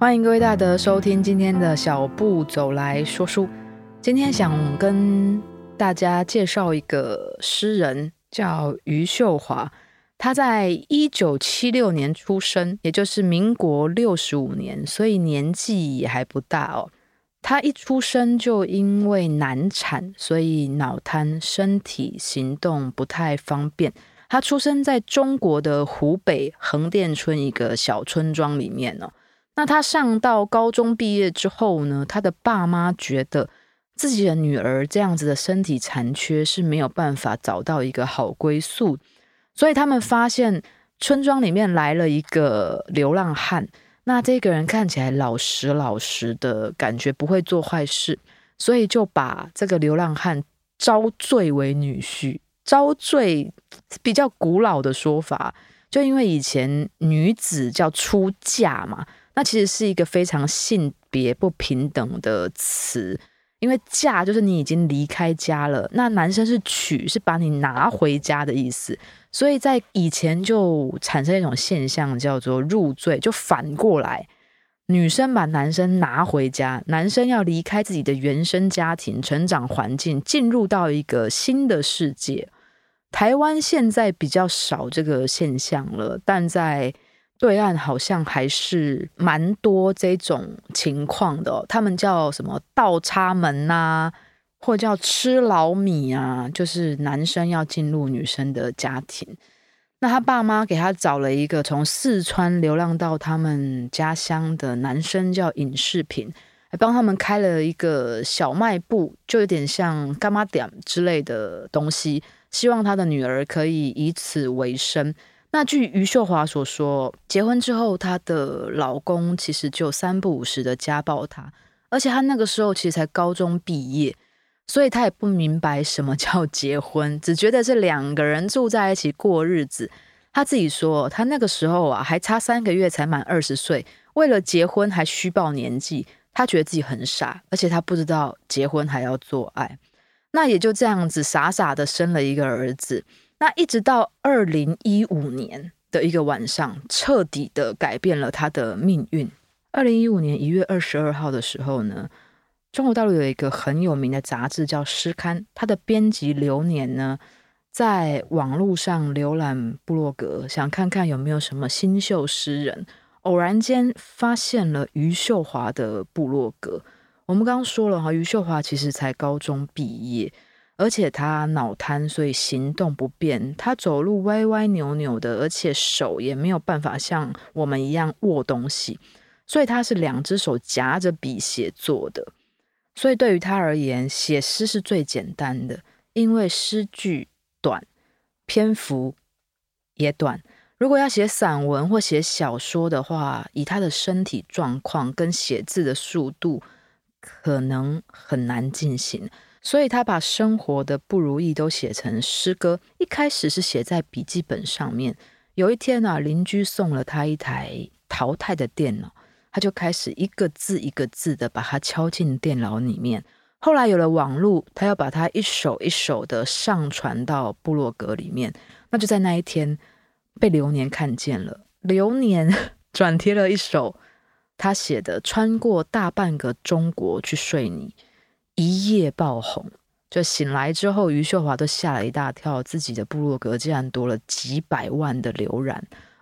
歡迎各位大德收聽今天的小步走來說書。今天想跟大家介紹一個詩人，叫余秀華。他在一九七六年出生，也就是民國六十五年，所以年紀也還不大哦。他一出生就因為難產，所以腦癱，身體行動不太方便。他出生在中國的湖北橫店村一個小村莊裡面哦。那他上到高中畢業之後呢？他的爸媽覺得自己的女兒這樣子的身體殘缺是沒有辦法找到一個好歸宿，所以他們發現村莊裡面來了一個流浪漢。那這個人看起來老實老實的感覺，不會做壞事，所以就把這個流浪漢招贅為女婿。招贅比較古老的說法，就因為以前女子叫出嫁嘛。它其實是一個非常性別不平等的詞，因為嫁就是你已經離開家了，那男生是娶，是把你拿回家的意思，所以在以前就產生一種現象叫做入贅，就反過來，女生把男生拿回家，男生要離開自己的原生家庭，成長環境，進入到一個新的世界。台灣現在比較少這個現象了，但在對岸好像還是蠻多這種情況的哦，他們叫什麼倒插門啊，或者叫吃老米啊，就是男生要進入女生的家庭。那他爸媽給他找了一個從四川流浪到他們家鄉的男生叫品，叫尹世平，還幫他們開了一個小賣部，就有點像柑仔店之類的東西，希望他的女兒可以以此為生。那據余秀華所說，結婚之後，她的老公其實就三不五時的家暴她，而且她那個時候其實才高中畢業，所以她也不明白什麼叫結婚，只覺得是兩個人住在一起過日子。她自己說，她那個時候啊，還差三個月才滿二十歲，為了結婚還虛報年紀，她覺得自己很傻，而且她不知道結婚還要做愛，那也就這樣子傻傻的生了一個兒子。那一直到二零一五年的一個晚上，徹底的改變了他的命運。二零一五年一月二十二號的時候呢，中國大陸有一個很有名的雜誌叫《詩刊》，它的編輯劉年呢，在網絡上瀏覽部落格，想看看有沒有什麼新秀詩人，偶然間發現了余秀華的部落格。我們剛剛說了哈，余秀華其實才高中畢業。而且他腦癱，所以行動不便。他走路歪歪扭扭的，而且手也沒有辦法像我們一樣握東西，所以他是兩隻手夾着筆寫作的。所以對於他而言，寫詩是最簡單的，因為詩句短，篇幅也短。如果要寫散文或寫小說的話，以他的身體狀況跟寫字的速度，可能很難進行。所以他把生活的不如意都寫成詩歌，一開始是寫在筆記本上面。有一天啊，鄰居送了他一台淘汰的電腦，他就開始一個字一個字的把它敲進電腦裡面。後來有了網路，他要把它一首一首的上傳到部落格裡面。那就在那一天，被流年看見了，流年 轉貼了一首他寫的《穿過大半個中國去睡你》。一夜爆紅，就醒來之後，余秀華都嚇了一大跳。自己的部落格竟然多了幾百萬的瀏覽，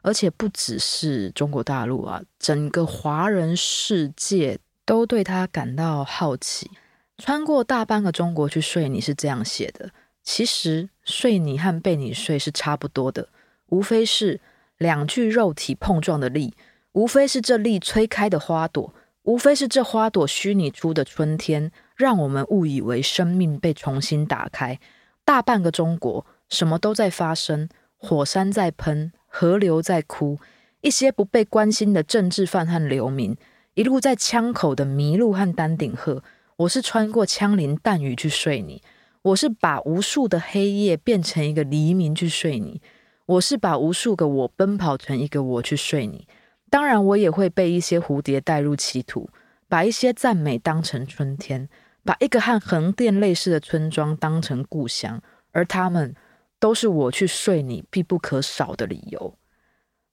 而且不只是中國大陸啊，整個華人世界都對她感到好奇。穿過大半個中國去睡你，是這樣寫的。其實睡你和被你睡是差不多的，無非是兩具肉體碰撞的力，無非是這力吹開的花朵，無非是這花朵虛擬出的春天。讓我們誤以為生命被重新打開，大半個中國什麼都在發生，火山在噴，河流在哭，一些不被關心的政治犯和流民，一路在槍口的麋鹿和丹頂鶴。我是穿過槍林彈雨去睡你，我是把無數的黑夜變成一個黎明去睡你，我是把無數個我奔跑成一個我去睡你。當然，我也會被一些蝴蝶帶入歧途，把一些讚美當成春天。把一個和橫店類似的村莊當成故鄉，而他們都是我去睡你必不可少的理由。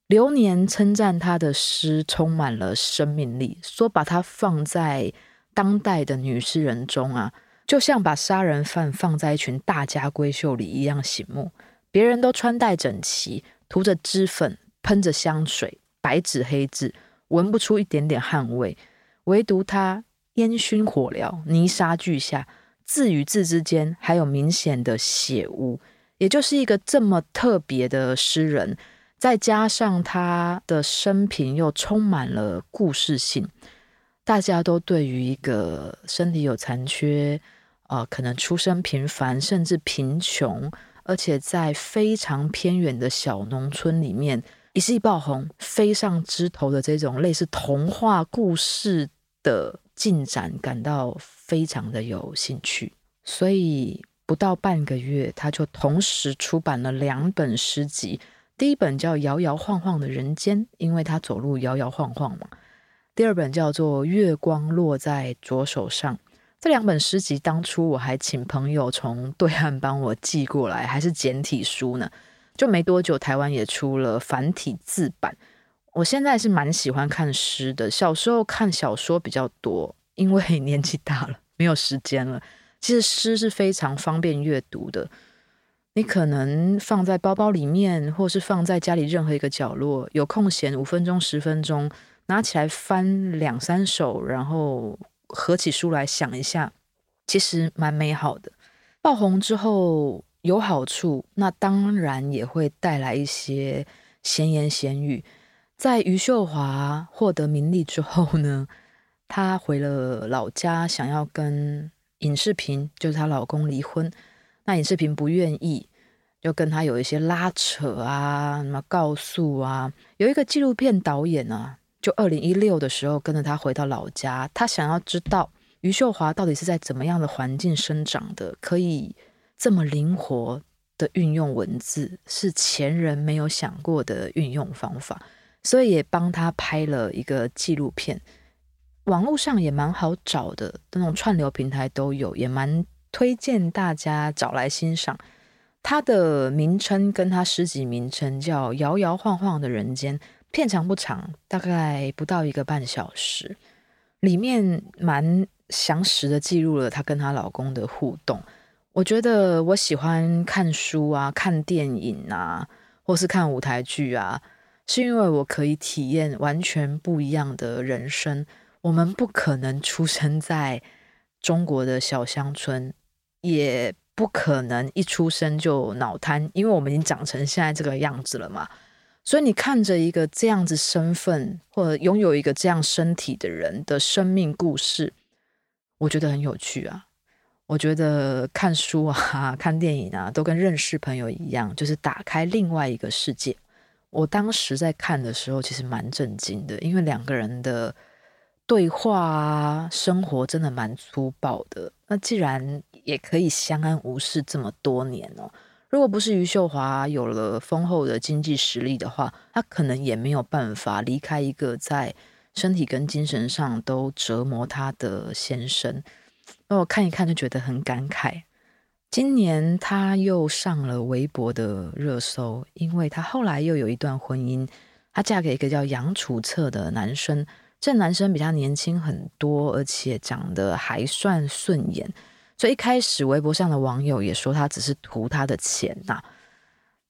流年稱讚他的詩充滿了生命力，說把它放在當代的女詩人中啊，就像把殺人犯放在一群大家閨秀裡一樣醒目。別人都穿戴整齊，塗着脂粉，噴着香水，白紙黑字，聞不出一點點汗味，唯獨他，煙燻火燎，泥沙俱下，字與字之間還有明顯的血汙，也就是一個這麼特別的詩人，再加上他的生平又充滿了故事性，大家都對於一個身體有殘缺啊、呃，可能出身平凡甚至貧窮，而且在非常偏遠的小農村裡面一夕爆紅，飛上枝頭的這種類似童話故事的進展感到非常的有興趣，所以不到半個月，他就同時出版了兩本詩集。第一本叫《搖搖晃晃的人間》，因為他走路搖搖晃晃嘛。第二本叫做《月光落在左手上》。這兩本詩集當初我還請朋友從對岸幫我寄過來，還是簡體書呢？就沒多久，台灣也出了繁體字版。我現在是蠻喜歡看詩的。小時候看小說比較多，因為年紀大了沒有時間了。其實詩是非常方便閱讀的，你可能放在包包裡面，或是放在家裡任何一個角落。有空閒五分鐘、十分鐘，拿起來翻兩三首，然後合起書來想一下，其實蠻美好的。爆紅之後有好處，那當然也會帶來一些閒言閒語。在余秀華獲得名利之後呢，她回了老家，想要跟尹世平，就是她老公離婚。那尹世平不願意，就跟他有一些拉扯啊，什麼告訴啊。有一個紀錄片導演啊，就二零一六的時候跟着她回到老家，他想要知道余秀華到底是在怎麼樣的環境生長的，可以這麼靈活的運用文字，是前人沒有想過的運用方法。所以也幫他拍了一個紀錄片，網絡上也蠻好找的，那種串流平台都有，也蠻推薦大家找來欣賞。他的名稱跟他詩集名稱叫《搖搖晃晃的人間》，片長不長，大概不到一個半小時。裡面蠻詳實的記錄了她跟她老公的互動。我覺得我喜歡看書啊，看電影啊，或是看舞台劇啊。是因為我可以體驗完全不一樣的人生。我們不可能出生在中國的小鄉村，也不可能一出生就腦癱，因為我們已經長成現在這個樣子了嘛。所以你看着一個這樣子身份或者擁有一個這樣身體的人的生命故事，我覺得很有趣啊。我覺得看書啊、看電影啊，都跟認識朋友一樣，就是打開另外一個世界。我當時在看的時候，其實蠻震驚的，因為兩個人的對話啊，生活真的蠻粗暴的。那既然也可以相安無事這麼多年哦，如果不是余秀華有了豐厚的經濟實力的話，他可能也沒有辦法離開一個在身體跟精神上都折磨他的先生。那我看一看就覺得很感慨。今年他又上了微博的熱搜，因為他後來又有一段婚姻，他嫁給一個叫楊楚策的男生，這男生比他年輕很多，而且長得還算順眼，所以一開始微博上的網友也說他只是圖他的錢吶，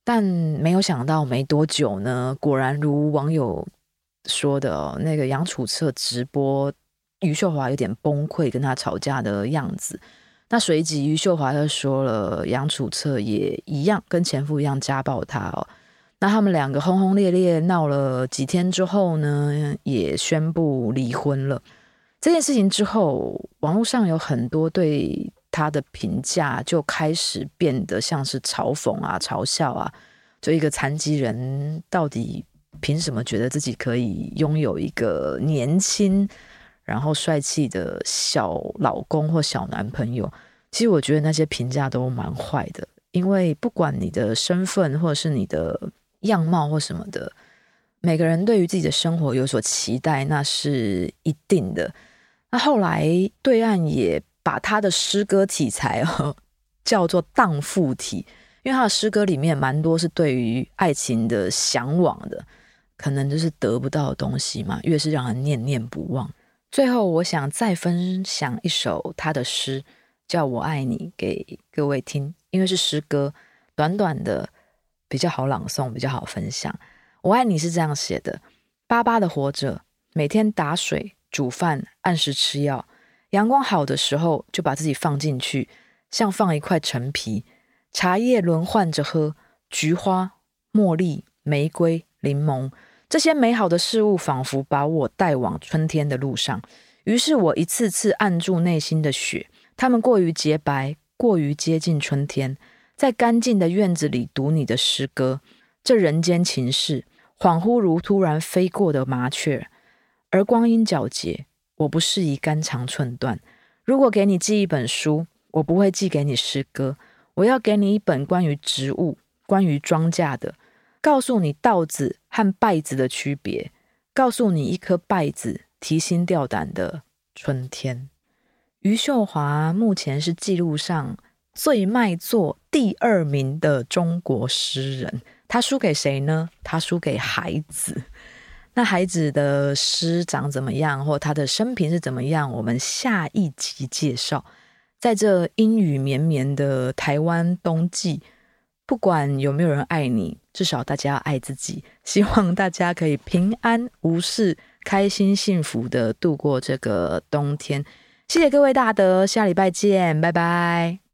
但沒有想到沒多久呢，果然如網友說的，那個楊楚策直播，余秀華有點崩潰，跟他吵架的樣子。那隨即，余秀華就說了，楊楚策也一樣，跟前夫一樣家暴她哦。那他們兩個轟轟烈烈鬧了幾天之後呢，也宣布離婚了。這件事情之後，網絡上有很多對他的評價就開始變得像是嘲諷啊、嘲笑啊，就一個殘疾人到底憑什麼覺得自己可以擁有一個年輕，然後帥氣的小老公或小男朋友，其實我覺得那些評價都蠻壞的，因為不管你的身份或者是你的樣貌或什麼的，每個人對於自己的生活有所期待，那是一定的。那後來對岸也把他的詩歌題材，哦，叫做蕩婦體，因為他的詩歌裡面蠻多是對於愛情的嚮往的，可能就是得不到的東西嘛，越是讓人念念不忘。最後，我想再分享一首他的詩，叫我愛你，給各位聽。因為是詩歌，短短的，比較好朗誦，比較好分享。我愛你是這樣寫的：巴巴的活着，每天打水煮飯，按時吃藥。陽光好的時候，就把自己放進去，像放一塊陳皮。茶葉輪換着喝，菊花、茉莉、玫瑰、檸檬。這些美好的事物仿佛把我帶往春天的路上，於是我一次次按住內心的雪，它們過於潔白，過於接近春天。在乾淨的院子裡讀你的詩歌，這人間情事恍惚如突然飛過的麻雀，而光陰皎潔，我不適宜肝腸寸斷。如果給你寄一本書，我不會寄給你詩歌，我要給你一本關於植物、關於莊稼的。告訴你稻子和稗子的區別，告訴你一棵稗子提心吊膽的春天。余秀華目前是記錄上最賣座第二名的中國詩人，他輸給誰呢？他輸給孩子。那孩子的詩長怎麼樣，或他的生平是怎麼樣？我們下一集介紹。在這陰雨綿綿的台灣冬季，不管有沒有人愛你。至少大家要愛自己，希望大家可以平安無事，開心幸福的度過這個冬天。謝謝各位大德，下禮拜見，拜拜。